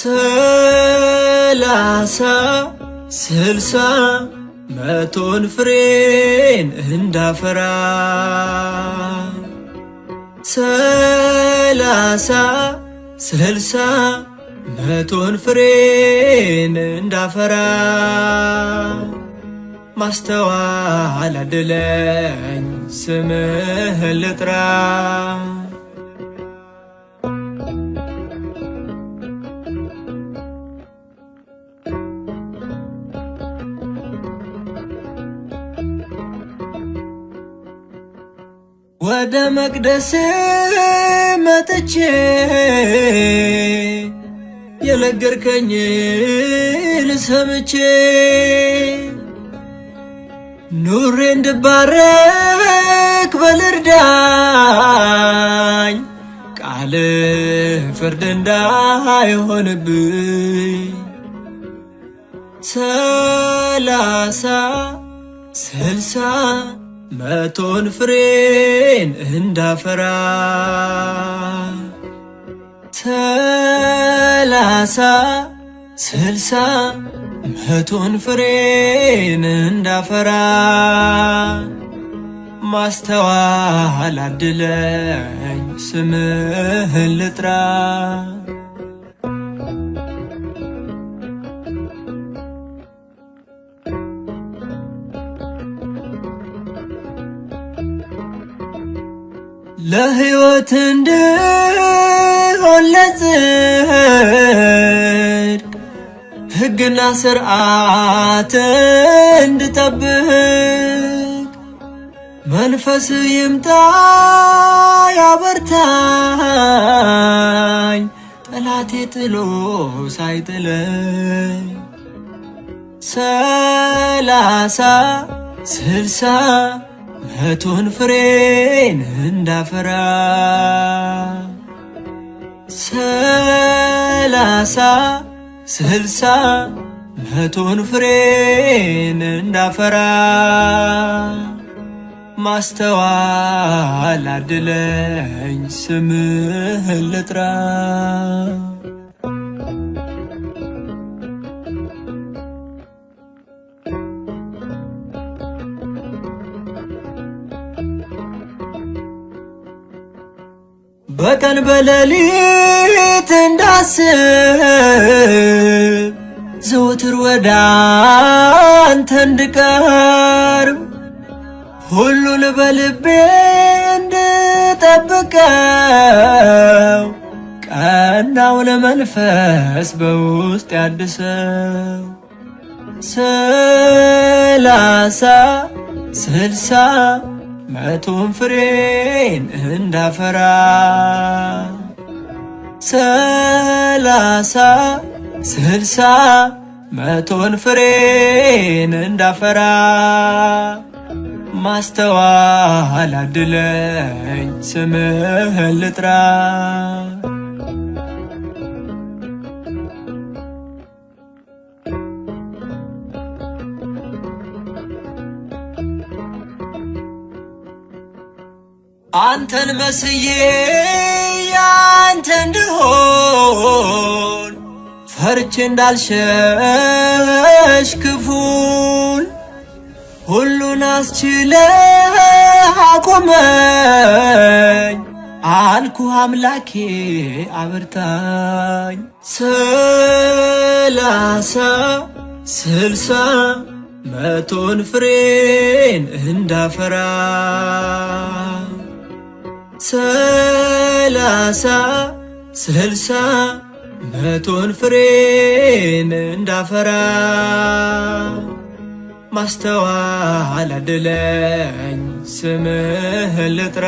ሰላሳ ስልሳ መቶን ፍሬን እንዳፈራ ሰላሳ ስልሳ መቶን ፍሬን እንዳፈራ ማስተዋል አድለኝ ስምህን ልጥራ ወደ መቅደስ መጥቼ የነገርከኝ ልሰምቼ ኑሬ እንድባረክ በልርዳኝ ቃል ፍርድ እንዳይሆንብኝ ሰላሳ ስልሳ መቶን ፍሬን እንዳፈራ ሰላሳ ስልሳ መቶን ፍሬን እንዳፈራ ማስተዋል አድለኝ ስምህን ልጥራ ለህይወት እንድሆን ለጽድቅ ሕግና ስርዓት እንድጠብቅ መንፈስ ይምጣ ያበርታኝ ጠላቴ ጥሎ ሳይጥለኝ ሰላሳ ስልሳ እቶን ፍሬን እንዳፈራ ሰላሳ ስልሳ መቶን ፍሬን እንዳፈራ ማስተዋል አድለኝ ስምህን ልጥራ በቀን በሌሊት እንዳስብ ዘወትር ወደ አንተ እንድቀርብ ሁሉን በልቤ እንድጠብቀው ቀናውን መንፈስ በውስጥ ያድሰው ሰላሳ ስልሳ መቱን ፍሬን እንዳፈራ ሰላሳ ስልሳ መቶን ፍሬን እንዳፈራ ማስተዋል አድለኝ ስምህን ልጥራ አንተን መስዬ ያንተ እንድሆን ፈርቼ እንዳልሸሽ ክፉን ሁሉን አስችለህ አቆመኝ አልኩህ አምላኬ አብርታኝ። ሰላሳ ስልሳ መቶን ፍሬን እንዳፈራ ሰላሳ ስልሳ መቶን ፍሬን እንዳፈራ ማስተዋል አድለኝ ስምህ ልጥራ